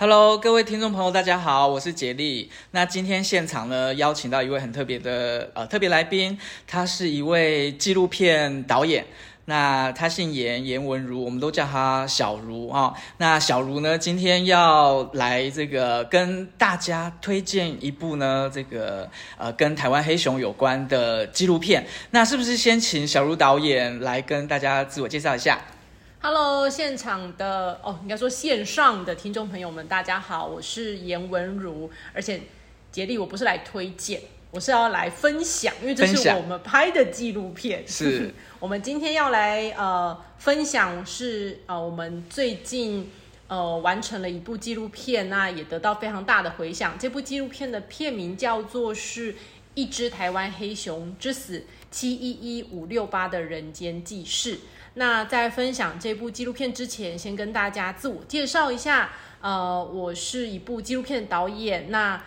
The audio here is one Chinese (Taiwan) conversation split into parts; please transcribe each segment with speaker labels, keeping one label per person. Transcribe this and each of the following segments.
Speaker 1: 哈嘍，各位聽眾朋友，大家好，我是傑利。那今天現場呢，邀請到一位很特別的呃特別來賓，他是一位紀錄片導演。那他姓顏，顏妏如，我們都叫他小如啊、哦。那小如呢，今天要來這個跟大家推薦一部呢這個呃跟台灣黑熊有關的紀錄片。那是不是先請小如導演來跟大家自我介紹一下？
Speaker 2: Hello，現場的哦，應該說線上的聽眾朋友們，大家好，我是顏妏如。而且傑利，我不是來推薦，我是要來分享，因為這是我們拍的紀錄片。 是，我們今天要來呃分享是呃我們最近呃完成了一部紀錄片，那、啊、也得到非常大的回響。這部紀錄片的片名叫做是《一隻台灣黑熊之死：七一一五六八的人間記事》。那在分享這部紀錄片之前，先跟大家自我介紹一下。呃，我是一部紀錄片導演。那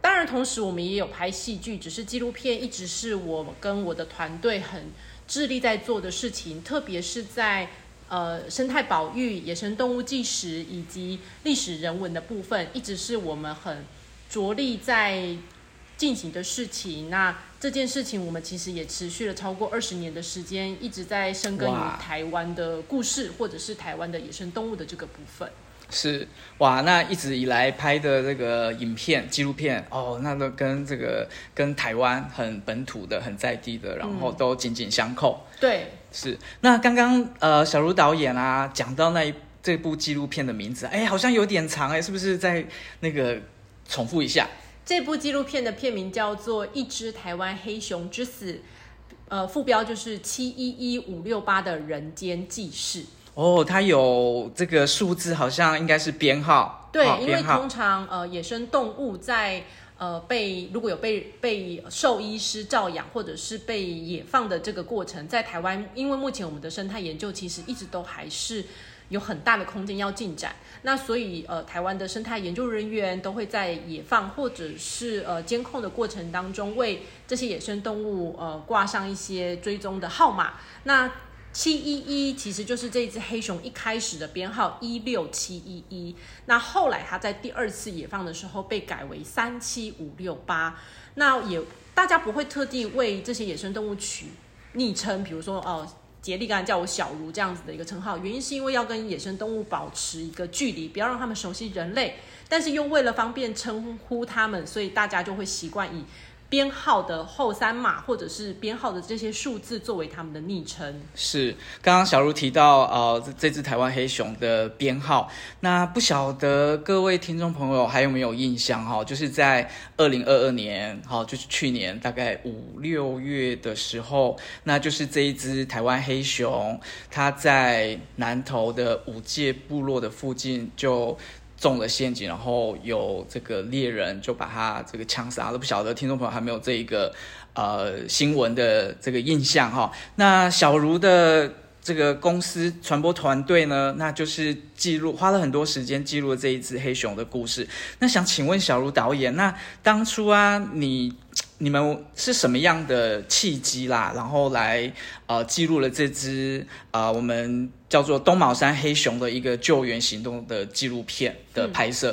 Speaker 2: 當然，同時我們也有拍戲劇，只是紀錄片一直是我跟我的團隊很致力在做的事情。特別是在呃生態保育、野生動物紀實以及歷史人文的部分，一直是我們很着力在進行的事情。那。這件事情我們其實也持續了超過二十年的時間，一直在深耕於台灣的故事，或者是台灣的野生動物的這個部分。
Speaker 1: 是，哇，那一直以來拍的這個影片紀錄片哦，那都跟這個跟台灣很本土的、很在地的，然後都緊緊相扣。嗯、對，是。那剛剛呃，小如導演啊，講到那一這部紀錄片的名字，哎，好像有點長哎，是不是？再那個重複一下。
Speaker 2: 這部紀錄片的片名叫做《一隻台灣黑熊之死》，呃，副標就是“七一一五六八”的人間記事。
Speaker 1: 哦，它有這個數字，好像應該是編號。對，哦、因為通
Speaker 2: 常呃，野生動物在呃被如果有被被獸醫師照養，或者是被野放的這個過程，在台灣，因為目前我們的生態研究其實一直都還是。有很大的空間要進展，那所以呃，台灣的生態研究人員都會在野放或者是呃監控的過程當中，為這些野生動物呃掛上一些追蹤的號碼。那七一一其實就是這只黑熊一開始的編號一六七一一，那後來它在第二次野放的時候被改為三七五六八。那也大家不會特地為這些野生動物取昵稱，比如說哦。呃傑利剛叫我小如，這樣子的一個稱號，原因是因為要跟野生動物保持一個距離，不要讓他們熟悉人類，但是又為了方便稱呼他們，所以大家就會習慣以。編號的後三碼，或者是編號的這些數字作為他們的昵稱。
Speaker 1: 是，剛剛小茹提到，呃這，這隻台灣黑熊的編號。那不曉得各位聽眾朋友還有沒有印象哈、哦？就是在二零二二年，好、哦，就是去年大概五六月的時候，那就是這一隻台灣黑熊，它在南投的武界部落的附近就。中了陷阱，然後有這個獵人就把他這個槍殺了，都不曉得聽眾朋友還沒有這一個，呃，新聞的這個印象哈、哦。那小茹的這個公司傳播團隊呢，那就是記錄，花了很多時間記錄了這一隻黑熊的故事。那想請問小茹導演，那當初啊，你你們是什麼樣的契機啦，然後來呃記錄了這隻啊、呃、我們。叫做東卯山黑熊的一個救援行動的紀錄片的拍攝，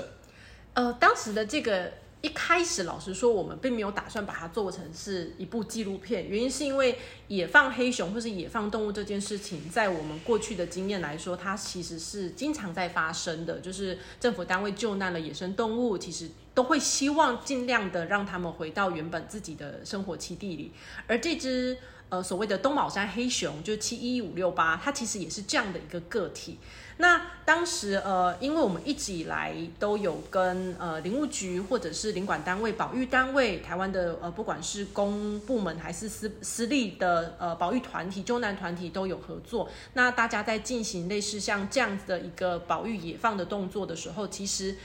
Speaker 1: 嗯，
Speaker 2: 呃，當時的這個一開始，老實說，我們並沒有打算把它做成是一部紀錄片。原因是因為野放黑熊或是野放動物這件事情，在我們過去的經驗來說，它其實是經常在發生的。就是政府單位救難了野生動物，其實都會希望儘量的讓他們回到原本自己的生活棲地裡，而這只。呃，所謂的東寶山黑熊就是七一五六八，它其實也是這樣的一個個體。那當時呃，因為我們一直以來都有跟呃林務局或者是林管單位、保育單位、台灣的呃不管是公部門還是私私立的呃保育團體、中南團體都有合作。那大家在進行類似像這樣子的一個保育野放的動作的時候，其實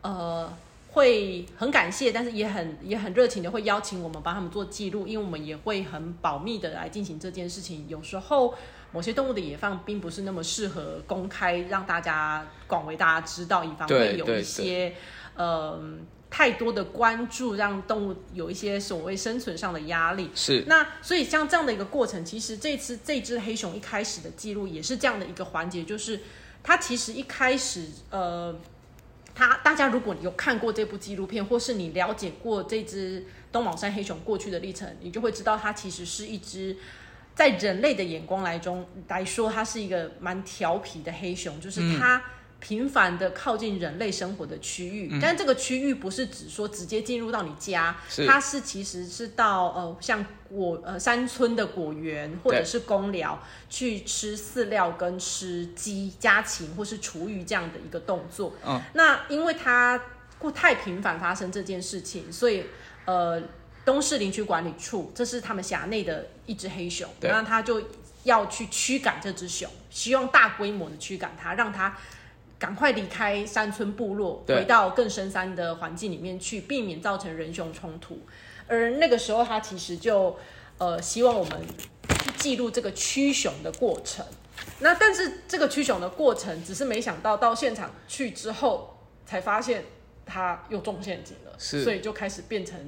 Speaker 2: 呃。會很感謝，但是也很也很熱情的會邀請我們幫他們做記錄，因為我們也會很保密的來進行這件事情。有時候某些動物的野放並不是那麼適合公開，讓大家廣為大家知道，以防會有一些呃太多的關注，讓動物有一些所謂生存上的壓力。是。那所以像這樣的一個過程，其實這次這隻黑熊一開始的記錄也是這樣的一個環節，就是它其實一開始呃。他，大家如果你有看過這部紀錄片，或是你了解過這只東卯山黑熊過去的歷程，你就會知道，它其實是一只在人類的眼光來中來說，它是一個蠻調皮的黑熊，就是它。頻繁的靠近人類生活的區域，嗯、但這個區域不是只說直接進入到你家，是它是其實是到呃像果呃山村的果園或者是公寮去吃飼料跟吃雞家禽或是廚餘這樣的一個動作。哦、那因為它不太頻繁發生這件事情，所以呃東勢林區管理處這是他們轄內的一只黑熊，那他就要去驅趕這只熊，希望大規模的驅趕它，讓它。趕快離開山村部落，回到更深山的環境裡面去，避免造成人熊衝突。而那個時候，他其實就呃希望我們去記錄這個驅熊的過程。那但是這個驅熊的過程，只是沒想到到現場去之後，才發現他又中陷阱了，所以就開始變成。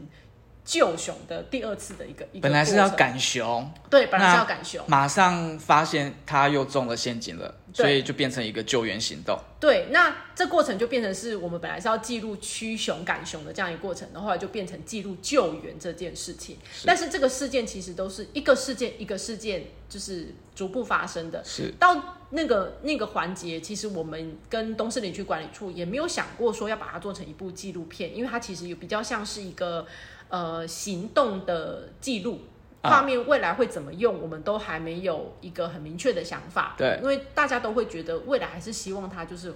Speaker 2: 救熊的第二次的一個,一個，本來是要趕熊，對，本來是要趕熊，馬
Speaker 1: 上發現他又中了陷阱了，所以就變成一個救援行動。
Speaker 2: 對，那這過程就變成是我們本來是要記錄驅熊趕熊的這樣一個過程，然後,後來就變成記錄救援這件事情。但是這個事件其實都是一個事件一個事件，就是逐步發生的。是到那個那個環節，其實我們跟東勢林區管理處也沒有想過說要把它做成一部紀錄片，因為它其實有比較像是一個。呃，行動的記錄畫面未來會怎麼用？啊，我們都還沒有一個很明確的想法。對，因為大家都會覺得未來還是希望他就是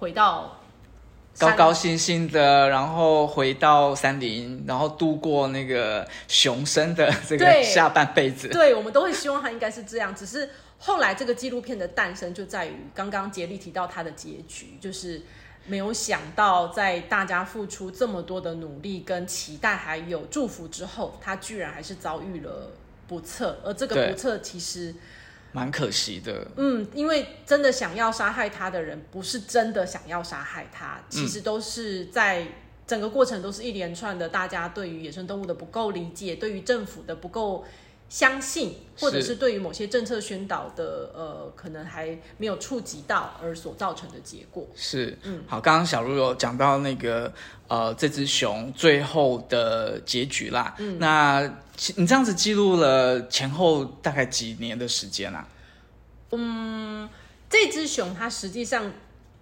Speaker 2: 回到高高
Speaker 1: 興興的，然後回到山林，然後度過那個熊生的這個下半輩子對對，
Speaker 2: 我們都會希望他應該是這樣。 只是後來這個紀錄片的誕生就在於剛剛傑利提到他的結局，就是。沒有想到，在大家付出這麼多的努力、跟期待、還有祝福之後，他居然還是遭遇了不測。而這個不測其實
Speaker 1: 蠻可惜的。
Speaker 2: 嗯，因為真的想要殺害他的人，不是真的想要殺害他，其實都是在整個過程都是一連串的，大家對於野生動物的不夠理解，對於政府的不夠。相信，或者是對於某些政策宣導的，呃，可能還沒有觸及到，而所造成的結果。
Speaker 1: 是，嗯，好，剛剛小如有講到那個，呃，這隻熊最後的結局啦。嗯，那你這樣子記錄了前後大概幾年的時間啦？嗯，
Speaker 2: 這隻熊它實際上，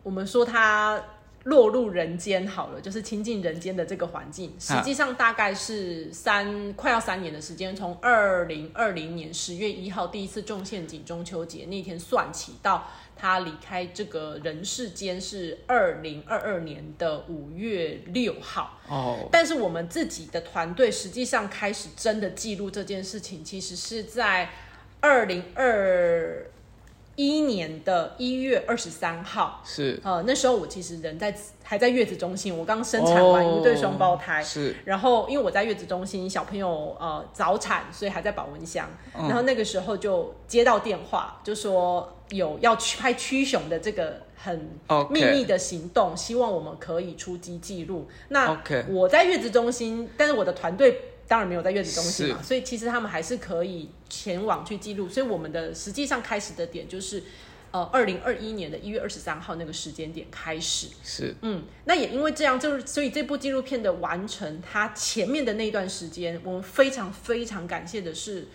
Speaker 2: 我們說它。落入人間好了，就是親近人間的這個環境，實際上大概是三、啊、快要三年的時間，從二零二零年十月一號第一次中陷阱中秋節那天算起，到他離開這個人世間是二零二二年的五月六號。哦，但是我們自己的團隊實際上開始真的記錄這件事情，其實是在二零二。一年的一月二十三號，是，呃，那時候我其實人在，還在月子中心，我剛生產完一對雙胞胎，oh, 是，然後因為我在月子中心，小朋友呃早產，所以還在保溫箱，嗯，然後那個時候就接到電話，就說有要去拍驅熊的這個很秘密的行動，okay. 希望我們可以出擊記錄。那，我在月子中心，但是我的團隊。當然沒有在院子中心嘛，所以其實他們還是可以前往去記錄。所以我們的實際上開始的點就是，呃，二零二一年的一月二十三號那個時間點開始。是，嗯，那也因為這樣，就是所以這部紀錄片的完成，它前面的那段時間，我們非常非常感謝的是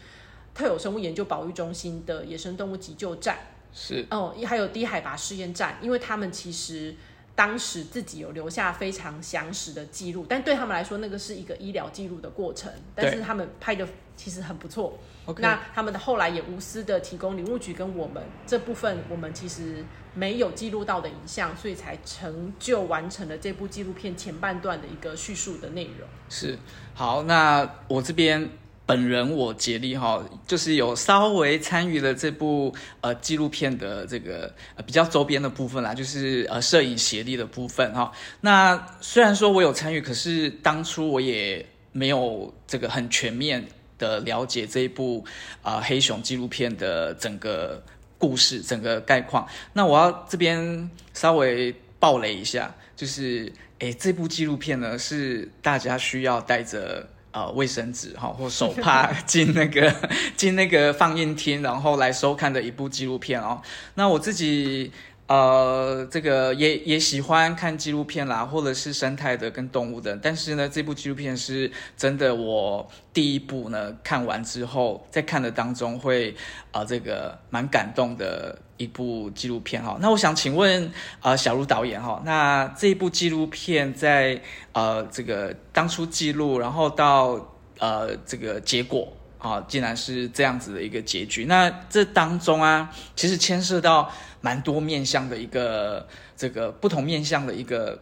Speaker 2: 特有生物研究保育中心的野生動物急救站，
Speaker 1: 是，
Speaker 2: 哦、呃，還有低海拔試驗站，因為他們其實。當時自己有留下非常詳實的記錄，但對他們來說，那個是一個醫療記錄的過程。對。但是他們拍的其實很不錯。Okay. 那他們的後來也無私的提供林務局跟我們這部分，我們其實沒有記錄到的影像，所以才成就完成了這部紀錄片前半段的一個敘述的內容。
Speaker 1: 是。好，那我這邊。本人我傑利哈，就是有稍微參與了這部呃紀錄片的這個比較周邊的部分啦，就是呃攝影協力的部分哈。那雖然說我有參與，可是當初我也沒有這個很全面的了解這一部啊、呃、黑熊紀錄片的整個故事、整個概況。那我要這邊稍微爆雷一下，就是誒這部紀錄片呢是大家需要帶着。呃，衛生紙哈、哦，或手帕 進那個進那個放映廳，然後來收看的一部紀錄片哦。那我自己呃，這個也也喜歡看紀錄片啦，或者是生態的跟動物的。但是呢，這部紀錄片是真的，我第一部呢看完之後，在看的當中會啊、呃，這個蠻感動的。一部紀錄片哈、哦，那我想請問啊、呃，小如導演哈、哦，那這一部紀錄片在呃這個當初記錄，然後到呃這個結果啊、哦，竟然是這樣子的一個結局。那這當中啊，其實牽涉到蠻多面向的一個這個不同面向的一個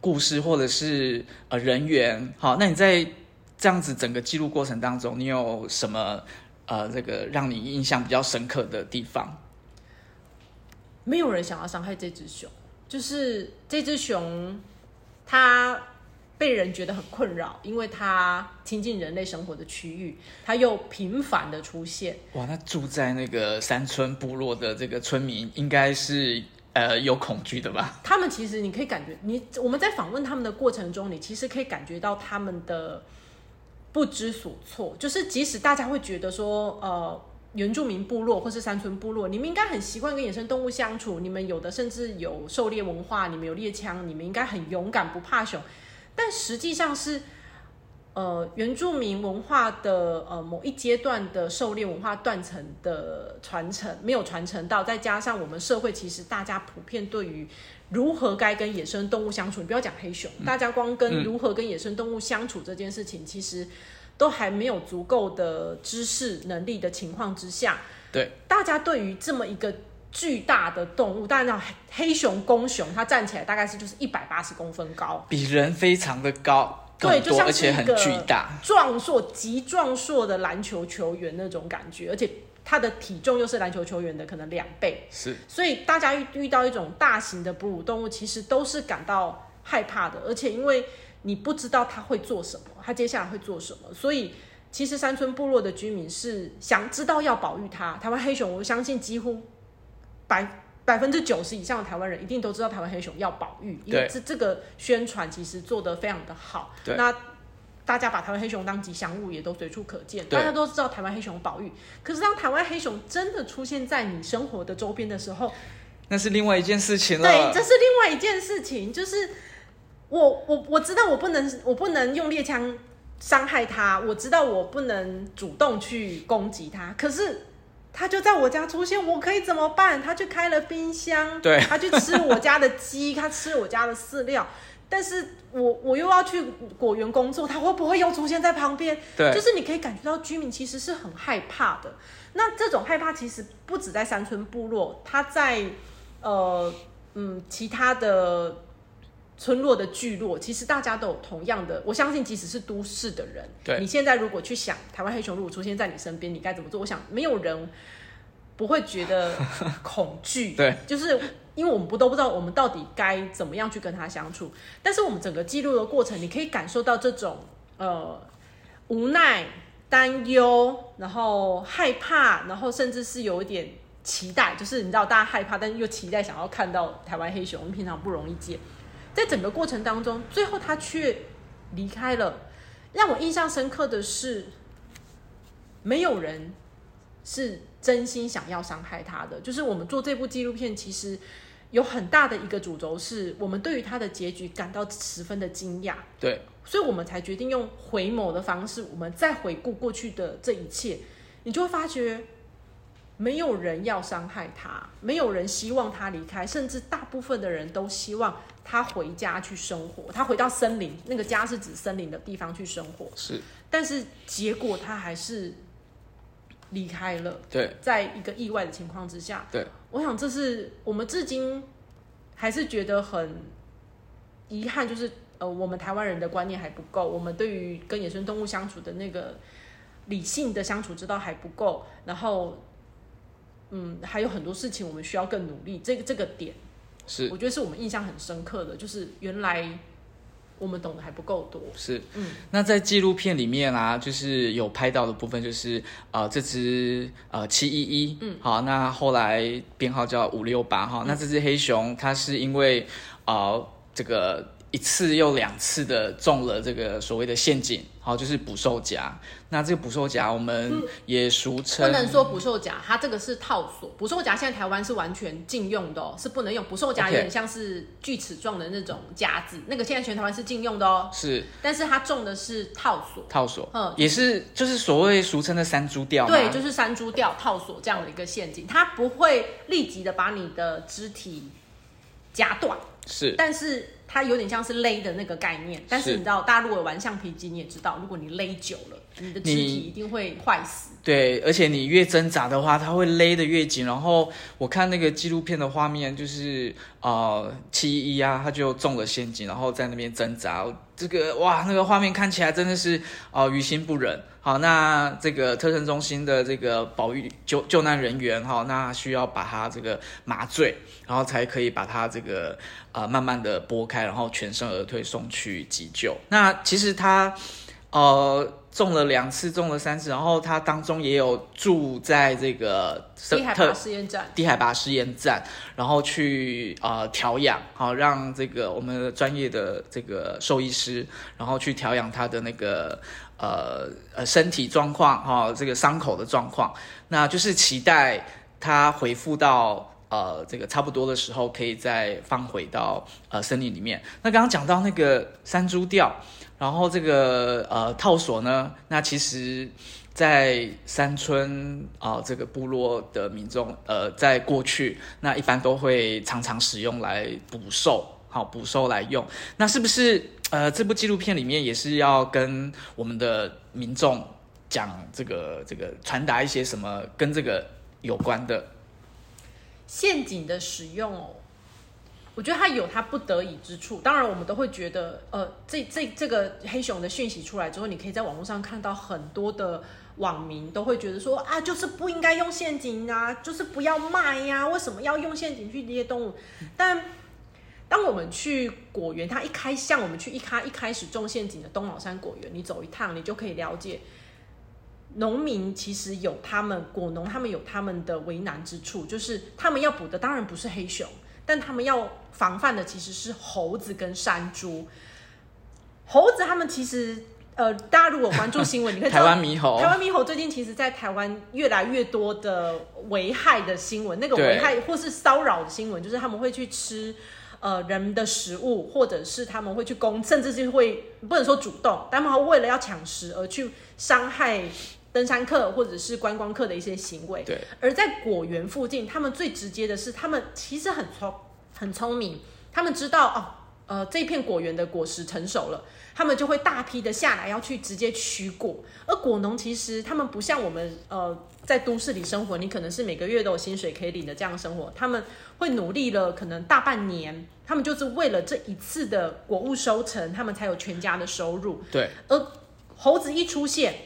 Speaker 1: 故事，或者是呃人員好、哦，那你在這樣子整個記錄過程當中，你有什麼呃這個讓你印象比較深刻的地方？
Speaker 2: 沒有人想要傷害這隻熊，就是這隻熊，它被人覺得很困擾，因為它親近人類生活的區域，它又頻繁的出現。
Speaker 1: 哇，那住在那個山村部落的這個村民，應該是呃有恐懼的吧？
Speaker 2: 他們其實你可以感覺，你我們在訪問他們的過程中，你其實可以感覺到他們的不知所措，就是即使大家會覺得說，呃。原住民部落或是山村部落，你們應該很習慣跟野生動物相處。你們有的甚至有狩獵文化，你們有獵槍，你們應該很勇敢，不怕熊。但實際上是，呃，原住民文化的呃某一階段的狩獵文化斷層的傳承沒有傳承到，再加上我們社會其實大家普遍對於如何該跟野生動物相處，你不要講黑熊，大家光跟如何跟野生動物相處這件事情，其實。都還沒有足夠的知識能力的情況之下，對大家對於這麼一個巨大的動物，當然像黑熊公熊，它站起來大概是就是一百八十公分高，
Speaker 1: 比人非常的高，更多對，而且很巨大，
Speaker 2: 壯碩極壯碩的籃球球員那種感覺而，而且它的體重又是籃球球員的可能兩倍，是，所以大家遇遇到一種大型的哺乳動物，其實都是感到害怕的，而且因為你不知道它會做什麼。他接下來會做什麼？所以，其實山村部落的居民是想知道要保育他。台灣黑熊，我相信幾乎百百分之九十以上的台灣人一定都知道台灣黑熊要保育，對。因為這這個宣傳其實做得非常的好。對。那大家把台灣黑熊當吉祥物，也都隨處可見。大家都知道台灣黑熊保育，可是當台灣黑熊真的出現在你生活的周邊的時候，
Speaker 1: 那是另外一件事情了。對，這
Speaker 2: 是另外一件事情，就是。我我我知道我不能我不能用獵槍傷害他，我知道我不能主動去攻擊他。可是他就在我家出現，我可以怎麼辦？他去開了冰箱，對，他去吃我家的雞， 他吃我家的飼料。但是我我又要去果園工作，他會不會又出現在旁邊？對，就是你可以感覺到居民其實是很害怕的。那這種害怕其實不止在山村部落，他在呃嗯其他的。村落的聚落，其實大家都有同樣的。我相信，即使是都市的人，對。你現在如果去想台灣黑熊如果出現在你身邊，你該怎麼做？我想，沒有人不會覺得
Speaker 1: 恐懼。 對，
Speaker 2: 就是因為我們不都不知道我們到底該怎麼樣去跟它相處。但是我們整個記錄的過程，你可以感受到這種呃無奈、擔憂，然後害怕，然後甚至是有一點期待。就是你知道，大家害怕，但又期待想要看到台灣黑熊，我們平常不容易見。在整個過程當中，最後他卻離開了。讓我印象深刻的是，沒有人是真心想要傷害他的。就是我們做這部紀錄片，其實有很大的一個主軸，是我們對於他的結局感到十分的驚訝。對，所以我們才決定用回眸的方式，我們再回顧過去的這一切，你就會發覺。沒有人要傷害他，沒有人希望他離開，甚至大部分的人都希望他回家去生活，他回到森林，那個家是指森林的地方去生活。是，但是結果他還是離開了。對，在一個意外的情況之下，對，我想這是我們至今還是覺得很遺憾，就是呃，我們台灣人的觀念還不夠，我們對於跟野生動物相處的那個理性的相處之道還不夠，然後。嗯，還有很多事情我們需要更努力。這個這個點，是我覺得是我們印象很深刻的，就是原來我們懂得還不夠多。是，
Speaker 1: 嗯。那在紀錄片裡面啦、啊，就是有拍到的部分，就是啊、呃、這隻呃七一一，711，嗯，好，那後來編號叫五六八哈，那這隻黑熊它是因為啊、嗯呃、這個一次又兩次的中了這個所謂的陷阱。好，就是捕獸夾。那這個捕獸夾，我們也俗稱、嗯、不能說
Speaker 2: 捕獸夾，它這個是套索。捕獸夾現在台灣是完全禁用的哦，是不能用捕獸夾，有點像是鋸齒狀的那種夾子。那個現在全台灣是禁用的哦，是。但是它中的是套索，
Speaker 1: 套索，嗯，也是就是所謂俗稱的山豬吊。對，就是
Speaker 2: 山豬吊。套索這樣的一個陷阱，它不會立即的把你的肢體夾斷，是，但是。它有點像是勒的那個概念，但是你知道，大家如果有玩橡皮筋，你也知道，如果你勒久了。你的肢體一定會壞死，
Speaker 1: 對，而且你越掙扎的話，它會勒得越緊。然後我看那個紀錄片的畫面，就是啊711啊，他就中了陷阱，然後在那邊掙扎，這個哇，那個畫面看起來真的是啊、呃、於心不忍。好，那這個特生中心的這個保育救救難人員哈、哦，那需要把他這個麻醉，然後才可以把他這個呃慢慢的撥開，然後全身而退送去急救。那其實他呃。中了兩次，中了三次，然後他當中也有住在這個低海拔試
Speaker 2: 驗站，低海
Speaker 1: 拔試驗站，然後去啊、呃、調養，好、哦、讓這個我們專業的這個獸醫師，然後去調養他的那個呃呃身體狀況，哈、哦，這個傷口的狀況，那就是期待他恢復到呃這個差不多的時候，可以再放回到呃森林裡面。那剛剛講到那個山豬吊，然後這個呃套索呢，那其實，在山村啊，呃，這個部落的民眾，呃，在過去那一般都會常常使用來捕獸，好捕獸來用。那是不是呃這部紀錄片裡面也是要跟我們的民眾講這個這個傳達一些什麼跟這個有關的
Speaker 2: 陷阱的使用哦？我覺得他有他不得已之處，當然我們都會覺得，呃，這這這個黑熊的訊息出來之後，你可以在網絡上看到很多的網民都會覺得說啊，就是不應該用陷阱啊，就是不要賣呀、啊，為什麼要用陷阱去獵動物？嗯、但當我們去果園，他一開像我們去一開一開始中陷阱的東卯山果園，你走一趟，你就可以了解農民其實有他們果農他們有他們的為難之處，就是他們要捕的當然不是黑熊。但他們要防範的其實是猴子跟山豬。猴子他們其實，呃，大家如果關注新聞， 你可以台灣獼猴，台灣獼猴最近其實，在台灣越來越多的危害的新聞，那個危害或是騷擾的新聞，就是他們會去吃呃人們的食物，或者是他們會去攻，甚至是會不能說主動，但他們為了要搶食而去傷害，登山客或者是觀光客的一些行為，對，而在果園附近，他們最直接的是，他們其實很聰很聰明，他們知道哦，呃，這一片果園的果實成熟了，他們就會大批的下來要去直接取果。而果農其實他們不像我們呃在都市裡生活，你可能是每個月都有薪水可以領的這樣生活，他們會努力了可能大半年，他們就是為了這一次的果物收成，他們才有全家的收入。對，而猴子一出現。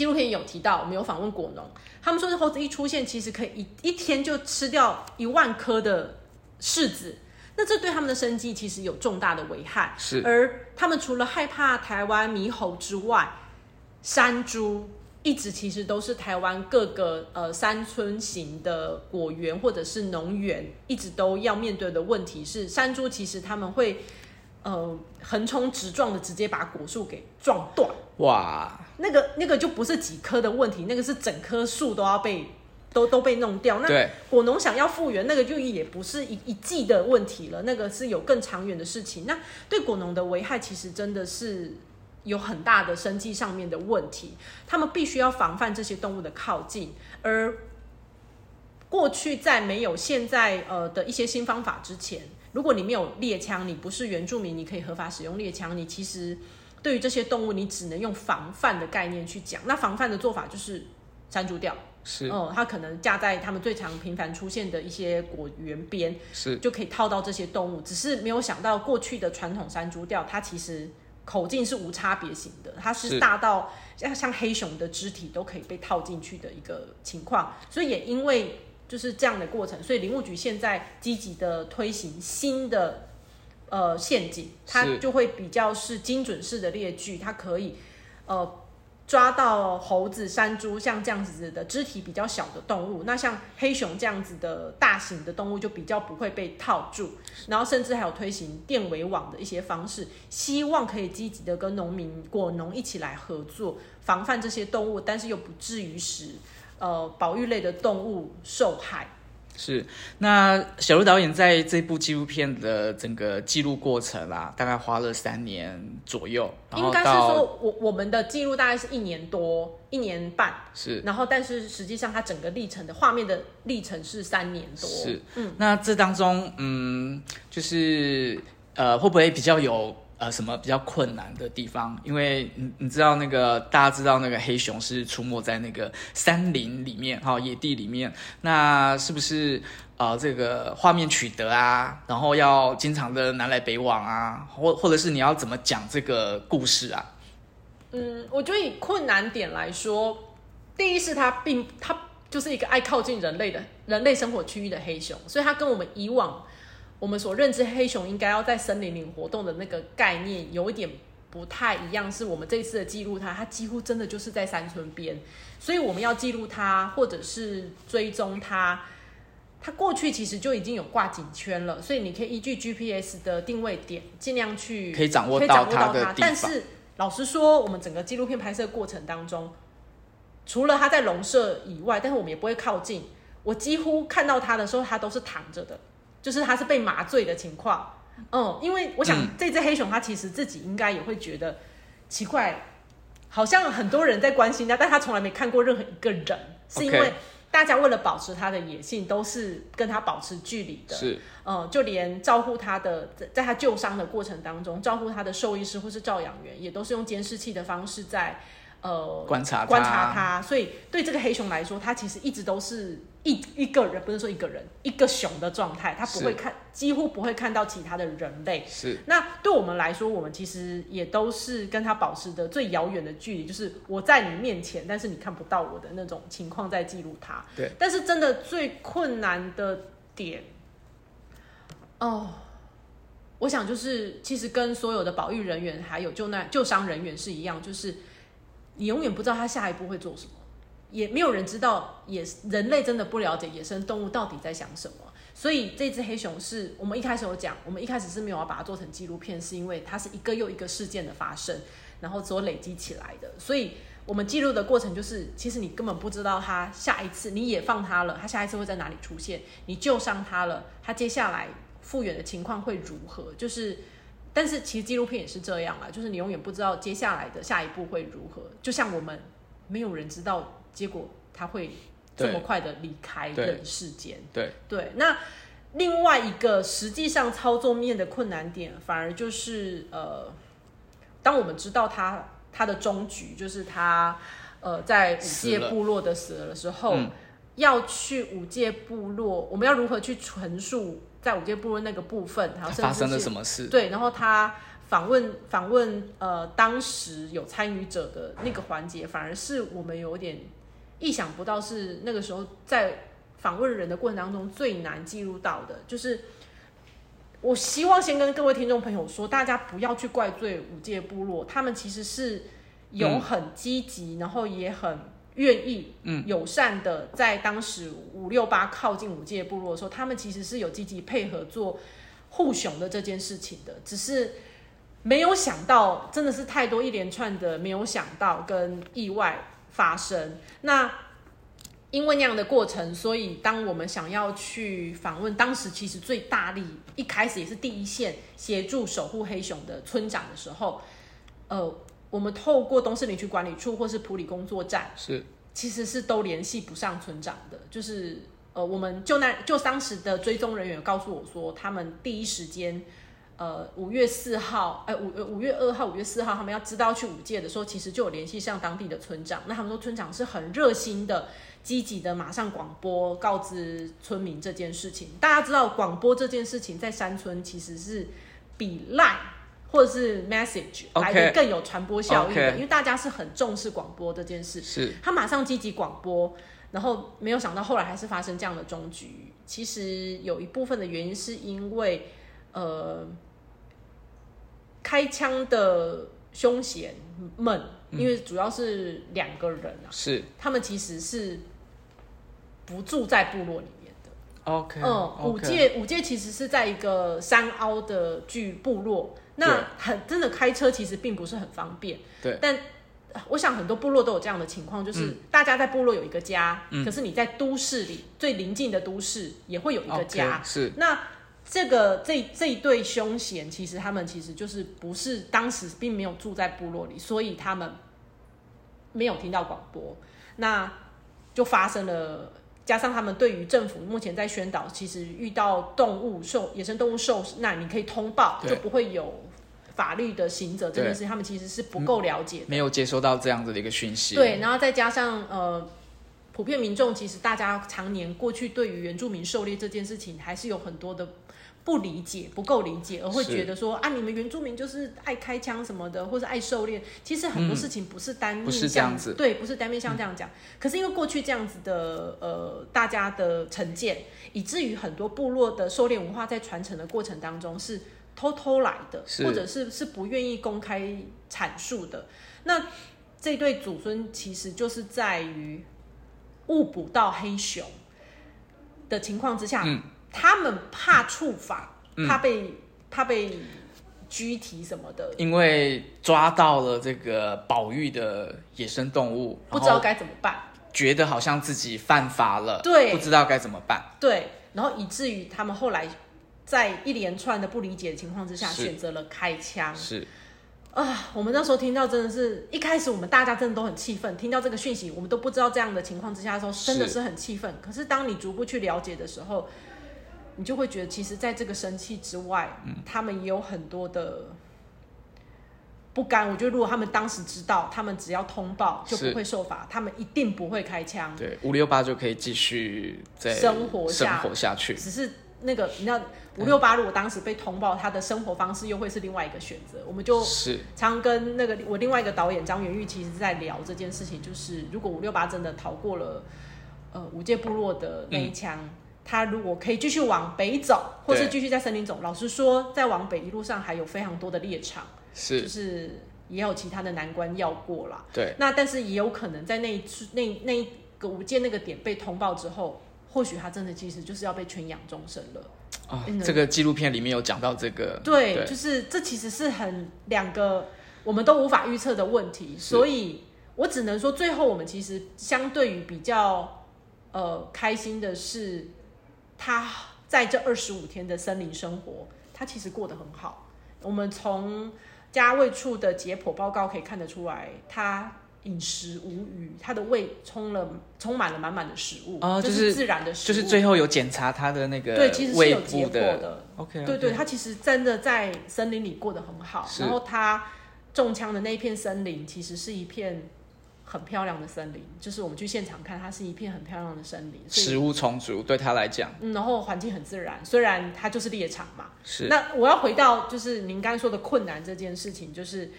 Speaker 2: 紀錄片有提到，我們有訪問果農，他們說這猴子一出現，其實可以一一天就吃掉一萬顆的柿子，那這對他們的生計其實有重大的危害。是，而他們除了害怕台灣獼猴之外，山豬一直其實都是台灣各個呃山村型的果園或者是農園一直都要面對的問題是山豬，其實他們會呃橫衝直撞的，直接把果樹給撞斷。
Speaker 1: 哇，
Speaker 2: 那個那個就不是幾棵的問題，那個是整棵樹都要被都都被弄掉。那果農想要復原，那個就也不是一一季的問題了，那個是有更長遠的事情。那對果農的危害，其實真的是有很大的生計上面的問題。他們必須要防範這些動物的靠近。而過去在沒有現在呃的一些新方法之前，如果你沒有獵槍，你不是原住民，你可以合法使用獵槍，你其實。對於這些動物，你只能用防範的概念去講。那防範的做法就是山豬釣，是，哦、呃，它可能架在他們最常頻繁出現的一些果園邊，是，就可以套到這些動物。只是沒有想到，過去的傳統山豬釣，它其實口徑是無差別型的，它是大到像黑熊的肢體都可以被套進去的一個情況。所以也因為就是這樣的過程，所以林務局現在積極的推行新的。呃，陷阱，它就會比較是精準式的獵具，它可以呃抓到猴子、山豬，像這樣子的肢體比較小的動物。那像黑熊這樣子的大型的動物就比較不會被套住。然後甚至還有推行電圍網的一些方式，希望可以積極的跟農民、果農一起來合作，防範這些動物，但是又不至於使呃保育類的動物受害。
Speaker 1: 是，那小鹿導演在這部紀錄片的整個記錄過程啦、啊，大概花了三年左右。
Speaker 2: 應該是說我，我我們的記錄大概是一年多、一年半，是。然後，但是實際上它整個歷程的畫面的歷程是三年多。是，嗯。
Speaker 1: 那這當中，嗯，就是呃，會不會比較有？呃，什麼比較困難的地方？因為你你知道那個，大家知道那個黑熊是出沒在那個山林裡面，哈、哦，野地裡面。那是不是呃，這個畫面取得啊？然後要經常的南來北往啊，或或者是你要怎麼講這個故事啊？嗯，
Speaker 2: 我覺得以困難點來說，第一是它並它就是一個愛靠近人類的人類生活區域的黑熊，所以它跟我們以往，我們所認知黑熊應該要在森林裡活動的那個概念有一點不太一樣，是我們這一次的記錄，它它幾乎真的就是在山村邊，所以我們要記錄它或者是追蹤它。它過去其實就已經有掛頸圈了，所以你可以依據 GPS 的定位點，盡量去可以，可以掌握到它。但是老實說，我們整個紀錄片拍攝過程當中，除了它在籠舍以外，但是我們也不會靠近。我幾乎看到它的時候，它都是躺着的。就是他是被麻醉的情況，嗯，因為我想這隻黑熊它其實自己應該也會覺得奇怪，嗯，好像很多人在關心它，但它從來沒看過任何一個人，Okay. 是因為大家為了保持它的野性，都是跟它保持距離的，是，嗯，就連照顧它的在他它救傷的過程當中，照顧它的獸醫師或是照養員，也都是用監視器的方式在呃觀察他觀察它，所以對這個黑熊來說，它其實一直都是。一一個人，不能說一個人，一個熊的狀態，他不會看，幾乎不會看到其他的人類。是。那對我們來說，我們其實也都是跟他保持的最遙遠的距離，就是我在你面前，但是你看不到我的那種情況，在記錄他。對。但是真的最困難的點，哦，我想就是，其實跟所有的保育人員，還有救難、救傷人員是一樣，就是你永遠不知道他下一步會做什麼。也沒有人知道，野，人類真的不了解野生動物到底在想什麼？所以這隻黑熊是我們一開始有講，我們一開始是沒有要把它做成紀錄片，是因為它是一個又一個事件的發生，然後所累積起來的。所以我們記錄的過程就是，其實你根本不知道它下一次，你也放它了，它下一次會在哪裡出現？你救上它了，它接下來復原的情況會如何？就是，但是其實紀錄片也是這樣啊，就是你永遠不知道接下來的下一步會如何。就像我們沒有人知道。結果他會這麼快的離開人世間。對，對對，對。那另外一個實際上操作面的困難點，反而就是呃，當我們知道他他的終局，就是他呃在武界部落的死了的時候，嗯、要去武界部落，我們要如何去陳述在武界部落那個部分，然後甚至發生了什麼事？對，然後他訪問訪問呃當時有參與者的那個環節，反而是我們有點。意想不到，是那個時候在訪問人的過程當中最難記錄到的。就是我希望先跟各位聽眾朋友說，大家不要去怪罪武界部落，他們其實是有很積極，然後也很願意嗯，友善的，在當時五六八靠近武界部落的時候，他們其實是有積極配合做護熊的這件事情的，只是沒有想到，真的是太多一連串的沒有想到跟意外。發生那，因為那樣的過程，所以當我們想要去訪問當時其實最大力一開始也是第一線協助守護黑熊的村長的時候，呃，我們透過東勢林區管理處或是埔里工作站，是其實是都聯繫不上村長的，就是呃，我們就那就當時的追蹤人員告訴我說，他們第一時間。呃，五月四號，哎、呃，五五月二號，五月四號，他們要知道去武界的時候，其實就有聯繫上當地的村長。那他們說村長是很熱心的、積極的，馬上廣播告知村民這件事情。大家知道廣播這件事情在山村其實是比 line 或者是 message 來的更有傳播效應的，okay. 因為大家是很重視廣播這件事。是、okay.，他馬上積極廣播，然後沒有想到後來還是發生這樣的終局。其實有一部分的原因是因為，呃。開槍的兇嫌們、嗯、因為主要是兩個人啊。是，他們其實是不住在部落裡面
Speaker 1: 的。Okay, 嗯、武界、okay.
Speaker 2: 武界其實是在一個山凹的巨部落，那很真的開車其實並不是很方便。對，但我想很多部落都有這樣的情況，就是大家在部落有一個家，嗯、可是你在都市裡、嗯、最鄰近的都市也會有一個家。Okay, 是，那。這個這這對兇嫌其實他們其實就是不是當時並沒有住在部落裡，所以他們沒有聽到廣播。那就發生了，加上他們對於政府目前在宣導，其實遇到動物受野生動物受難，那你可以通報，就不會有法律的刑責。這件事他們其實是不夠了解，
Speaker 1: 沒有接收到這樣子的一個訊息。對，然
Speaker 2: 後再加上呃，普遍民眾其實大家常年過去對於原住民狩獵這件事情，還是有很多的。不理解，不夠理解，而會覺得說啊，你們原住民就是愛開槍什麼的，或者愛狩獵。其實很多事情不是單面向、嗯、是這樣子，對，不是單面向這樣講、嗯。可是因為過去這樣子的呃大家的成見，以至於很多部落的狩獵文化在傳承的過程當中是偷偷來的，或者是是不願意公開闡述的。那這對祖孫其實就是在於誤捕到黑熊的情況之下。嗯他們怕觸法，嗯，怕被怕被拘提什麼的，
Speaker 1: 因為抓到了這個保育的野生動物，不知道該怎麼辦，覺得好像自己犯法了，對，不知道該怎麼辦，
Speaker 2: 對，然後以至於他們後來在一連串的不理解的情況之下，選擇了開槍，是，是啊，我們那時候聽到真的是一開始我們大家真的都很氣憤，聽到這個訊息，我們都不知道這樣的情況之下的時候真的是很氣憤，可是當你逐步去了解的時候。你就會覺得，其實，在這個生氣之外，嗯，他們也有很多的不甘。我覺得，如果他們當時知道，他們只要通報就不會受罰，他們一定不會開槍。對，
Speaker 1: 五六八就可以繼續在生活下，生活下去。只是
Speaker 2: 那個，你知道，五六八如果當時被通報，他的生活方式又會是另外一個選擇，嗯。我們就常跟那個我另外一個導演張元玉，其實，在聊這件事情，就是如果五六八真的逃過了，呃，武界部落的那一槍。嗯他如果可以繼續往北走，或是繼續在森林走，老實說，在往北一路上還有非常多的獵場，是就是也有其他的難關要過啦。對，那但是也有可能在那一次、那那一個午間那個點被通報之後，或許他真的其實就是要被圈養終身了。哦嗯、這個
Speaker 1: 紀錄片裡面有講到這個對，對，就是
Speaker 2: 這其實是很兩個我們都無法預測的問題，所以我只能說，最後我們其實相對於比較呃開心的是。他在這二十五天的森林生活，他其實過得很好。我們從家衛處的解剖報告可以看得出來，他飲食無虞，他的胃充了充滿了滿滿的食物，哦就是，就是自然的，食物。就是最後
Speaker 1: 有檢查他的那個胃部的。對，其實是有解剖的。OK，,
Speaker 2: okay. 對，對對，他其實真的在森林裡過得很好。然後他中槍的那一片森林其實是一片。很漂亮的森林，就是我們去現場看，它是一片很漂亮的森林。食物
Speaker 1: 充足對他來講，
Speaker 2: 嗯，然後環境很自然，雖然它就是獵場嘛。是。那我要回到就是您剛才說的困難這件事情，就是，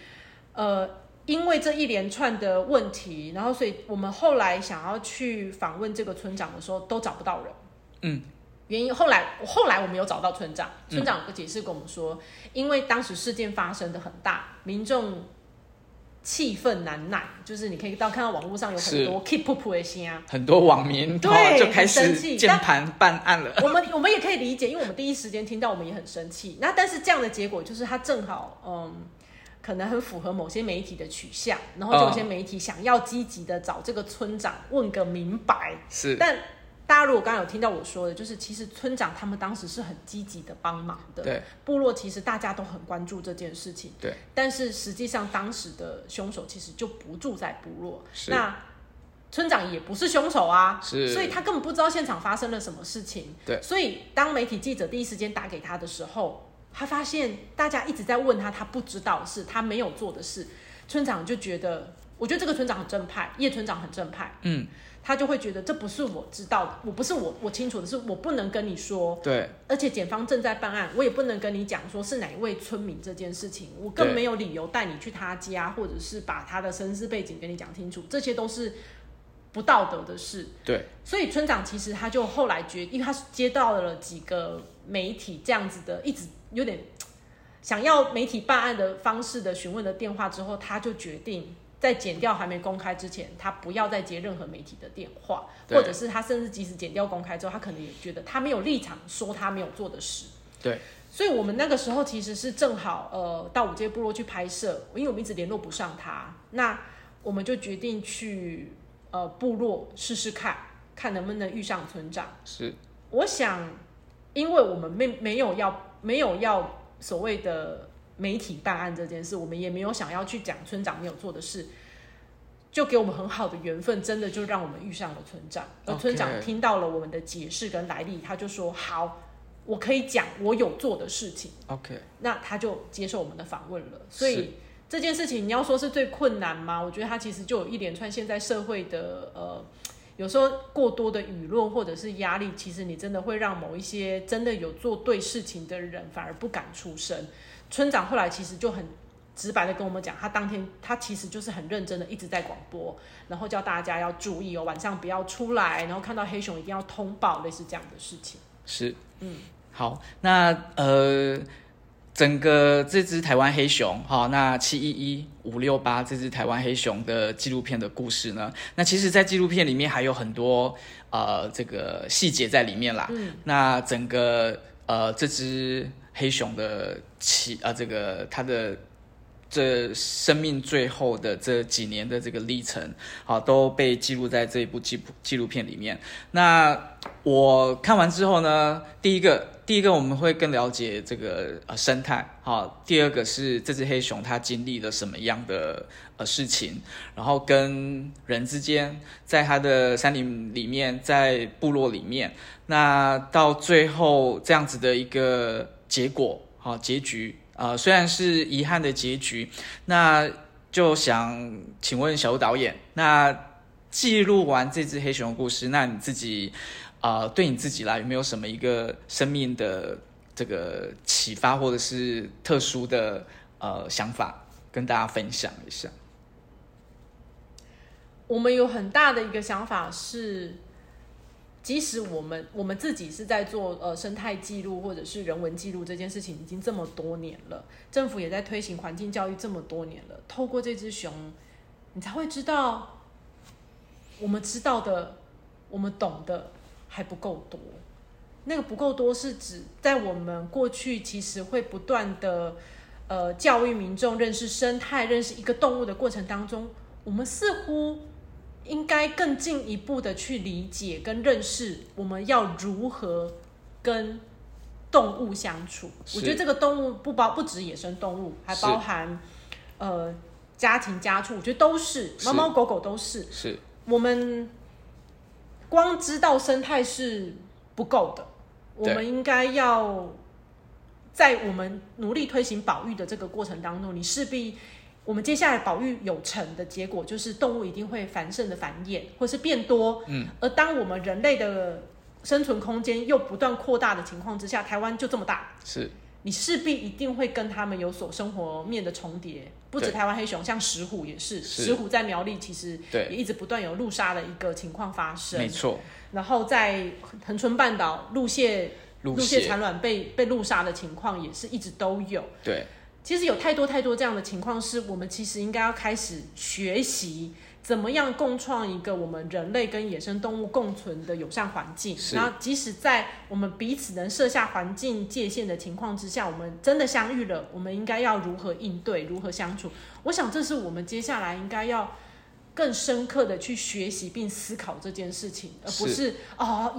Speaker 2: 呃，因為這一連串的問題，然後所以我們後來想要去訪問這個村長的時候，都找不到人。嗯。原因後來我後來我們有找到村長，村長有個解釋跟我們說，嗯，因為當時事件發生的很大，民眾。氣憤難耐，就是你可以到看到網絡上有很多 keep up 的啊，
Speaker 1: 很多網民、嗯、對，就開始鍵盤辦案了。我
Speaker 2: 們我們也可以理解，因為我們第一時間聽到，我們也很生氣。那但是這樣的結果就是他正好嗯，可能很符合某些媒體的取向，然後就有些媒體想要積極的找這個村長問個明白，嗯、是但。大家如果剛才有聽到我說的，就是其實村長他們當時是很積極的幫忙的。對，部落其實大家都很關注這件事情。對，但是實際上當時的兇手其實就不住在部落，那村長也不是兇手啊，是，所以他根本不知道現場發生了什麼事情。對，所以當媒體記者第一時間打給他的時候，他發現大家一直在問他，他不知道是他沒有做的事。村長就覺得，我覺得這個村長很正派，葉村長很正派。嗯。他就會覺得這不是我知道的，我不是我，我清楚的是我不能跟你說。對，而且檢方正在辦案，我也不能跟你講說是哪一位村民這件事情，我更沒有理由帶你去他家，或者是把他的身世背景跟你講清楚，這些都是不道德的事。對，所以村長其實他就後來決定，因為他是接到了幾個媒體這樣子的，一直有點想要媒體辦案的方式的詢問的電話之後，他就決定。在檢調還沒公開之前，他不要再接任何媒體的電話，或者是他甚至即使檢調公開之後，他可能也覺得他沒有立場說他沒有做的事。對，所以我們那個時候其實是正好呃到五界部落去拍攝，因為我們一直聯絡不上他，那我們就決定去呃部落試試看，看能不能遇上村長。是，我想，因為我們沒沒有要沒有要所謂的。媒體辦案這件事，我們也沒有想要去講村長沒有做的事，就給我們很好的緣分，真的就讓我們遇上了村長。Okay. 而村長聽到了我們的解釋跟來歷，他就說：“好，我可以講我有做的事情。” OK，那他就接受我們的訪問了。所以這件事情，你要說是最困難嗎？我覺得他其實就有一連串現在社會的呃，有時候過多的輿論或者是壓力，其實你真的會讓某一些真的有做對事情的人反而不敢出聲。村長後來其實就很直白的跟我們講，他當天他其實就是很認真的一直在廣播，然後叫大家要注意哦，晚上不要出來，然後看到黑熊一定要通報，類似這樣的事情。是，嗯，
Speaker 1: 好，那呃，整個這隻台灣黑熊，好、哦，那七一一五六八這隻台灣黑熊的紀錄片的故事呢？那其實，在紀錄片裡面還有很多呃這個細節在裡面啦。嗯，那整個呃這隻。黑熊的起，啊，這個它的這生命最後的這幾年的這個歷程，好、啊，都被記錄在這一部紀紀，紀錄片裡面。那我看完之後呢，第一個，第一個我們會更了解這個呃、啊、生態，好、啊，第二個是這隻黑熊它經歷了什麼樣的呃、啊、事情，然後跟人之間，在它的山林裡面，在部落裡面，那到最後這樣子的一個。結果哈，結局啊、呃，雖然是遺憾的結局，那就想請問小如導演，那記錄完這只黑熊的故事，那你自己啊、呃，對你自己來有沒有什麼一個生命的這個啟發，或者是特殊的呃想法，跟大家分享一下？
Speaker 2: 我們有很大的一個想法是。即使我們我們自己是在做呃生態記錄或者是人文記錄這件事情已經這麼多年了，政府也在推行環境教育這麼多年了。透過這隻熊，你才會知道，我們知道的，我們懂的還不夠多。那個不夠多是指在我們過去其實會不斷的呃教育民眾認識生態、認識一個動物的過程當中，我們似乎應該更進一步的去理解跟認識，我們要如何跟動物相處。我覺得這個動物不包，不只野生動物，還包含呃家庭家畜，我覺得都是貓貓狗狗狗，都是。是。我們光知道生態是不夠的，我們應該要在我們努力推行保育的這個過程當中，你勢必。我們接下來保育有成的結果，就是動物一定會繁盛的繁衍，或是變多。嗯。而當我們人類的生存空間又不斷擴大的情況之下，台灣就這麼大，是。你勢必一定會跟他們有所生活面的重疊。不止台灣黑熊，像石虎也是，是。石虎在苗栗其實也一直不斷有路殺的一個情況發生。沒錯。然後在恆春半島，陸蟹陸蟹產卵被被路殺的情況也是一直都有。對。其實有太多太多這樣的情況，是我們其實應該要開始學習怎麼樣共創一個我們人類跟野生動物共存的友善環境。然後，那即使在我們彼此能設下環境界限的情況之下，我們真的相遇了，我們應該要如何應對、如何相處？我想，這是我們接下來應該要更深刻的去學習並思考這件事情，而不是，是哦，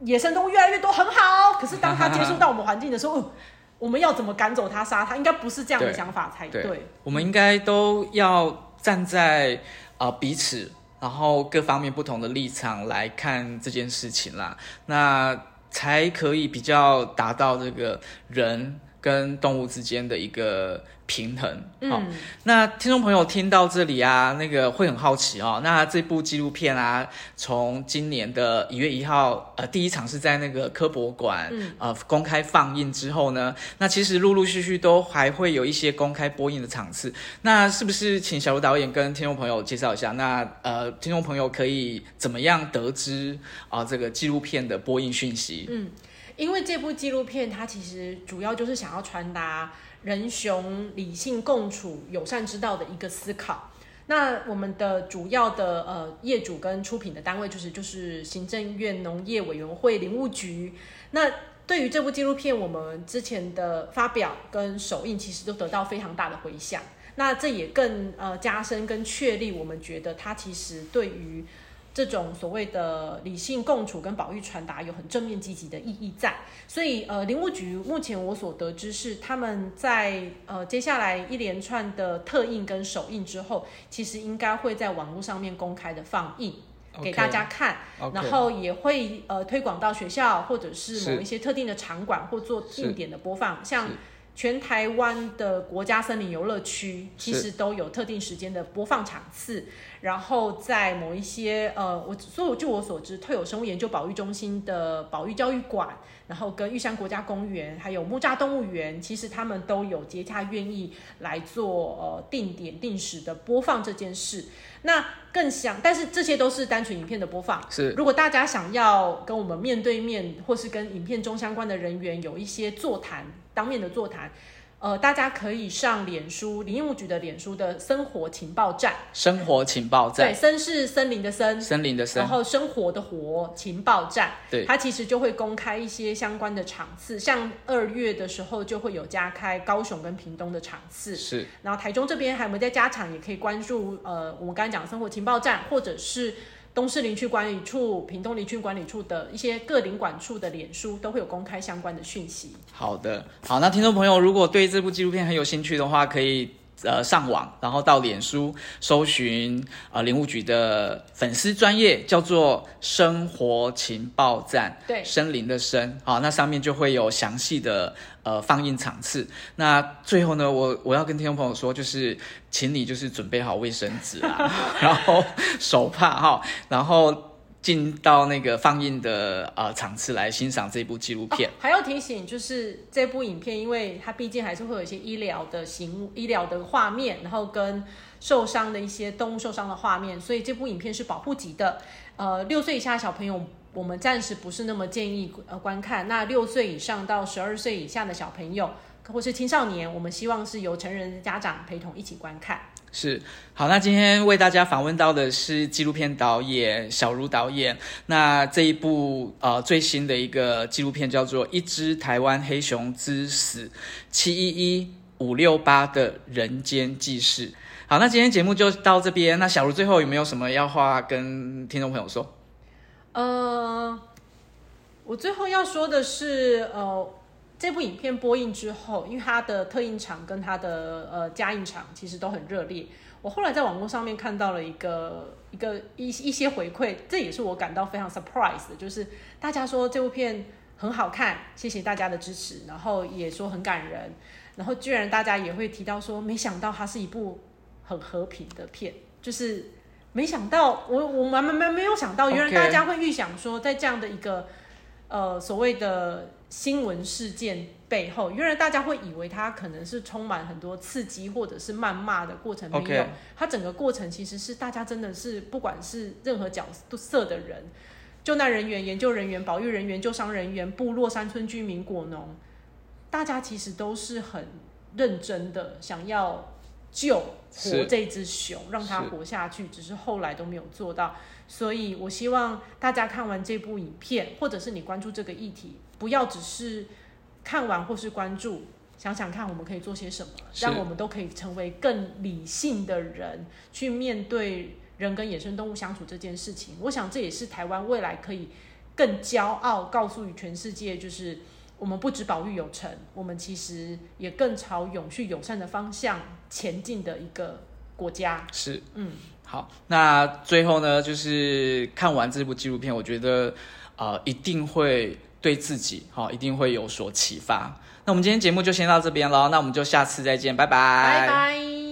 Speaker 2: 野生動物越來越多很好，可是當它接觸到我們環境的時候。 我們要怎麼趕走他、殺他？應該不是這樣的想法才對。對
Speaker 1: 對我們應該都要站在啊、呃、彼此，然後各方面不同的立場來看這件事情啦，那才可以比較達到這個人跟動物之間的一個。平衡，嗯、哦、那聽眾朋友聽到這裡啊，那個會很好奇哦。那這部紀錄片啊，從今年的一月一號，呃，第一場是在那個科博館、嗯，呃，公開放映之後呢，那其實陸陸續續都還會有一些公開播映的場次。那是不是請小鹿導演跟聽眾朋友介紹一下？那呃，聽眾朋友可以怎麼樣得知啊、呃、這個紀錄片的播映訊息？
Speaker 2: 嗯，因為這部紀錄片它其實主要就是想要傳達人熊理性共處友善之道的一個思考。那我們的主要的呃業主跟出品的單位就是就是行政院農業委員會林務局。那對於這部紀錄片，我們之前的發表跟首映其實都得到非常大的回響。那這也更呃加深跟確立，我們覺得它其實對於。這種所謂的理性共處跟保育傳達有很正面積極的意義在，所以呃，林務局目前我所得知是他們在呃接下來一連串的特映跟首映之後，其實應該會在網絡上面公開的放映給大家看，然後也會呃推廣到學校或者是某一些特定的場館或做定點的播放，像。全台灣的國家森林遊樂區其實都有特定時間的播放場次，然後在某一些呃，我所有據我所知，特有生物研究保育中心的保育教育館，然後跟玉山國家公園還有木柵動物園，其實他們都有接洽願意來做呃定點定時的播放這件事。那更想，但是這些都是單純影片的播放。是，如果大家想要跟我們面對面，或是跟影片中相關的人員有一些座談。當面的座談，呃，大家可以上臉書林務局的臉書的森活情報站，
Speaker 1: 森活情報站，對，森
Speaker 2: 是森林的森，森
Speaker 1: 林的森，然後
Speaker 2: 生活的活情報站，對，它其實就會公開一些相關的場次，像二月的時候就會有加開高雄跟屏東的場次，是，然後台中這邊還有沒有在加場，也可以關注，呃，我們剛才講的森活情報站，或者是。東勢林區管理處、屏東林區管理處的一些各林管處的臉書都會有公開相關的訊息。
Speaker 1: 好的，好，那聽眾朋友如果對這部紀錄片很有興趣的話，可以呃上網，然後到臉書搜尋啊、呃、林務局的粉絲專頁叫做“森活情報站”，對，森林的森，好，那上面就會有詳細的。呃，放映場次。那最後呢，我我要跟聽眾朋友說，就是請你就是準備好衛生紙啦、啊， 然後手帕哈，然後進到那個放映的呃場次來欣賞這部紀錄片哦。
Speaker 2: 還要提醒，就是這部影片，因為它畢竟還是會有一些醫療的行，醫療的畫面，然後跟受傷的一些動物受傷的畫面，所以這部影片是保護級的。呃，六歲以下小朋友，我們暫時不是那麼建議呃觀看，那六歲以上到十二歲以下的小朋友，或是青少年，我們希望是由成人的家長陪同一起觀看。
Speaker 1: 是，好，那今天為大家訪問到的是紀錄片導演小如導演，那這一部呃最新的一個紀錄片叫做《一隻台灣黑熊之死：七一一五六八的人間記事》。好，那今天節目就到這邊。那小如最後有沒有什麼要話跟聽眾朋友說？
Speaker 2: 呃，我最後要說的是，呃，這部影片播映之後，因為它的特映場跟它的呃加映場其實都很熱烈。我後來在網絡上面看到了一個一個一一些回饋，這也是我感到非常 surprise 的，就是大家說這部片很好看，謝謝大家的支持，然後也說很感人，然後居然大家也會提到說，沒想到它是一部很和平的片，就是。沒想到，我我完沒沒沒有想到，原來大家會預想說，在這樣的一個，okay. 呃，所謂的新聞事件背後，原來大家會以為它可能是充滿很多刺激或者是謾罵的過程，沒有，它整個過程其實是大家真的是不管是任何角色的人，救難人員、研究人員、保育人員、救傷人員、部落山村居民、果農，大家其實都是很認真的想要。救活這隻熊，讓它活下去，只是後來都沒有做到。所以我希望大家看完這部影片，或者是你關注這個議題，不要只是看完或是關注，想想看我們可以做些什麼，讓我們都可以成為更理性的人去面對人跟野生動物相處這件事情。我想這也是台灣未來可以更驕傲告訴全世界，就是。我們不止保育有成，我們其實也更朝永續友善的方向前進的一個國家。是，嗯，
Speaker 1: 好，那最後呢，就是看完這部紀錄片，我覺得，啊、呃，一定會對自己，哈、哦，一定會有所啟發。那我們今天節目就先到這邊咯，那我們就下次再見，拜。拜拜。Bye
Speaker 2: bye